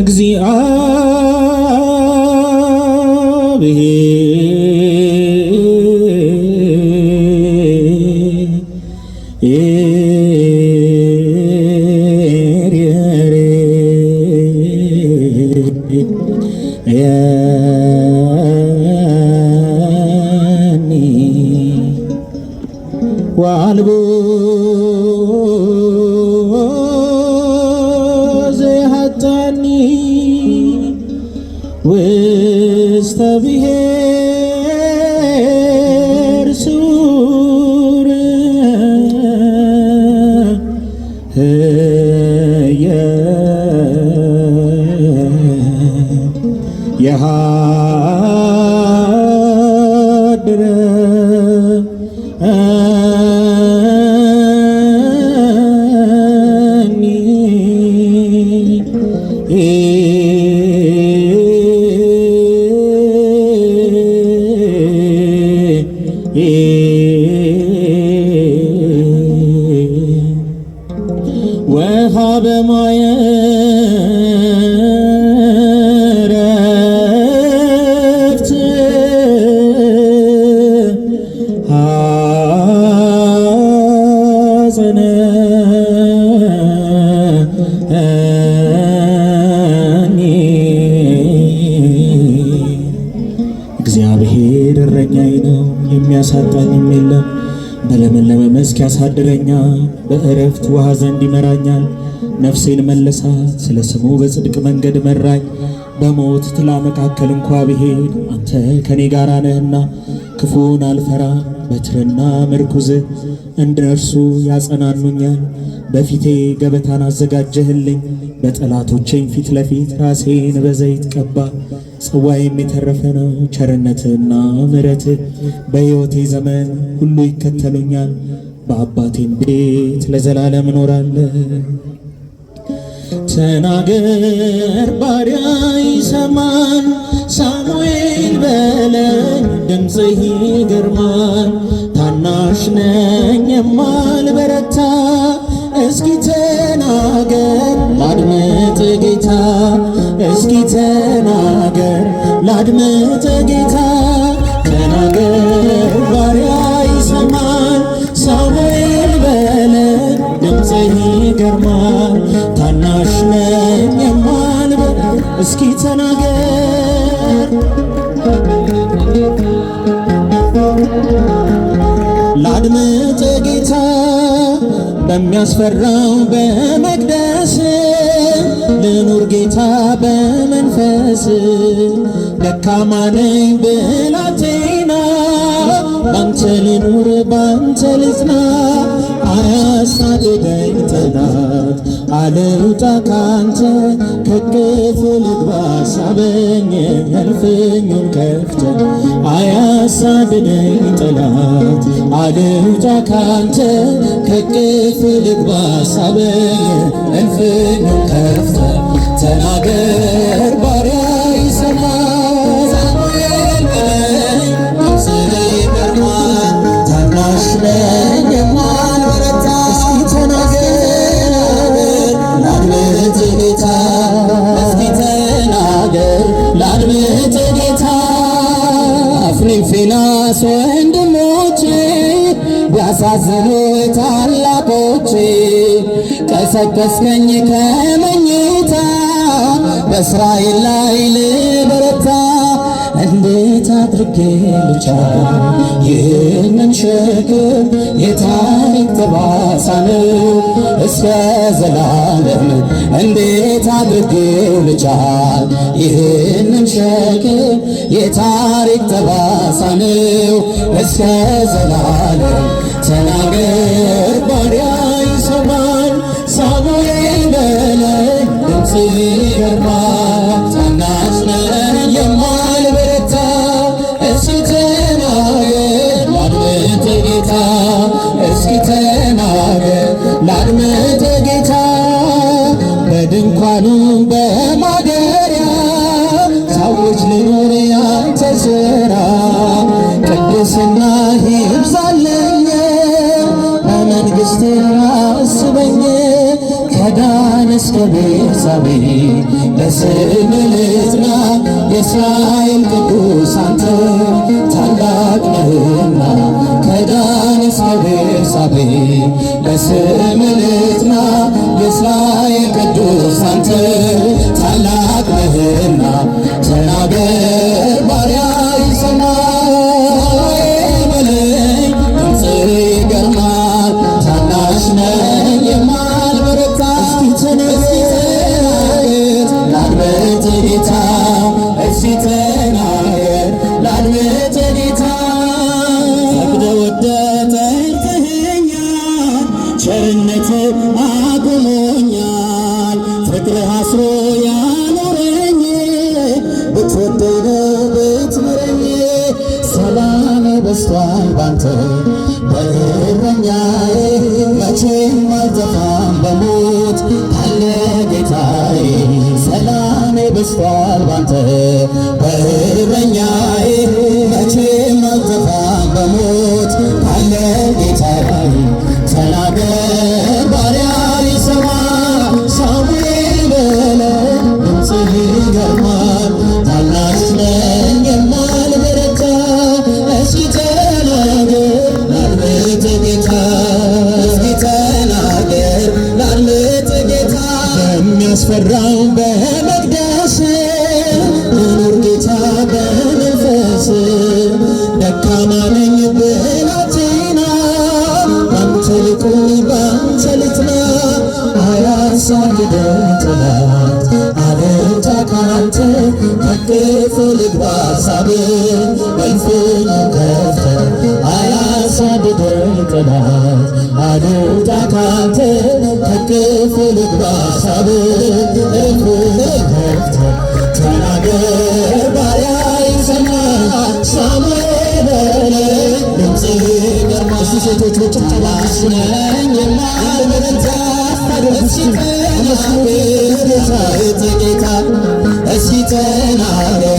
እግዚአብሔር ረታኒ ውስተ ብሔር ሱር የሃ ያሳድረኛል፣ በእረፍት ውሃ ዘንድ ይመራኛል። ነፍሴን መለሳት፣ ስለ ስሙ በጽድቅ መንገድ መራኝ። በሞት ጥላ መካከል እንኳ ብሄድ አንተ ከኔ ጋር ነህና፣ ክፉን አልፈራ። በትርና ምርኩዝ እንደርሱ ያጸናኑኛል። በፊቴ ገበታን አዘጋጀህልኝ፣ በጠላቶቼም ፊት ለፊት ራሴን በዘይት ቀባ። ጽዋዬም የተረፈ ነው። ቸርነትና ምሕረትህ በሕይወቴ ዘመን ሁሉ ይከተሉኛል። በአባቴም ቤት ለዘላለም እኖራለሁ። ተናገር ባሪያ ይሰማል፣ ሳሙኤል በለን ድምፅህ ይገርማል። ታናሽ ነኝ የማልበረታ እስኪ ተናገር ላድመጥ ጌታ፣ እስኪ ተናገር ላድመጥ ጌታ ተናገር ይገርማል ታናሽ ነኝ የማልበል እስኪ ተናገር ላድምጥ ጌታ በሚያስፈራው በመቅደስ ልኑር ጌታ በመንፈስ ደካማ ነኝ ብላት ባንተ ልኑር ባንተ ልጽና አያሳድደኝ ጠላት አልውጣ ካንተ ከግፍ ልግባ ሳበኝ እልፍኙን ከፍተ አያሳድደኝ ጠላት አልውጣ ካንተ ከግፍ ልግባ ሳበኝ እልፍኙን ከፍተ ተናገር ባሪያ ሚናስ ወንድሞቼ ያሳዝኑ ታላቆቼ ቀሰቀስከኝ ከመኝታ በእስራኤል ላይ ልበረታ እንዴት አድርጌ ልቻል ይህንን ሸክም? የታሪክ ተባሳን እስከ ዘላለም እንዴት አድርጌ ልቻል ይህንን ሸክም? የታሪክ ተባሳንው እስከ ዘላለም ተናገር ባሪያ ይሰማል ሳሙኤል ድምፅ ይገርማል ቅድስና ይብዛልኝ በመንግሥት አስበኝ ከዳን እስከ ቤርሳቤህ በስም ልጥና የእስራኤል ቅዱስ አንተ ታላቅ ነህና ከዳን እስከ ቤርሳቤህ በስም ልጥና የእስራኤል ቅዱስ አንተ ታላቅ ነህና ተናገር በስቷል ባንተ በእረኛዬ መቼም አልጠፋም በሞት ካለ ጌታዬ ሰላሜ በስቷል ባንተ በእረኛዬ መራው በመቅደስ እኖር ጌታ በመንፈስ ደካማ ነኝ ብላቴና ባንተ ልቁኝ ባንተ ልትና አያሳድደኝ ጠላት አለንታ ካንተ ከፍ ልግባ ሳብ መልፎ ከፍተ አያ አሳድደኝ ጠላት አልውጣ ካንተ ታቅፌ ልግባ ተናገር ባሪያ ሳሙኤል ድምፅህ ሴቶች ነኝ እስኪ ተናገር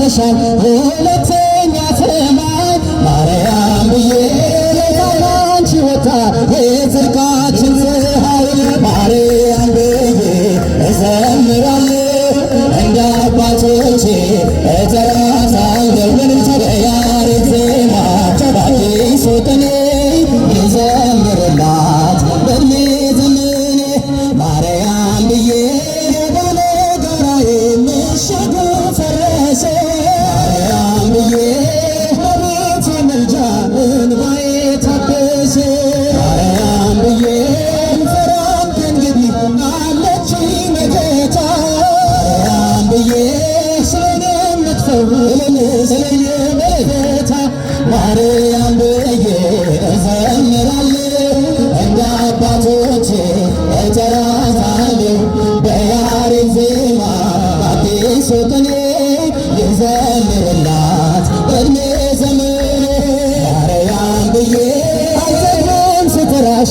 ተሻል የሁለተኛ ሰማይ ማርያም ብዬ ለታናንቺ ወጣ የጽድቃችን ፀሐይ ማርያም ብዬ እዘምራለሁ እንደ አባቶቼ ማርያም ብዬ እዘምራለሁ እንደ አባቶቼ እጠራታለሁ በያሬድ ዜማ በአዲሱ ቅኔ ልዘምርላት እድሜ ዘመን ማርያም ብዬ አንተንም ስትራሽ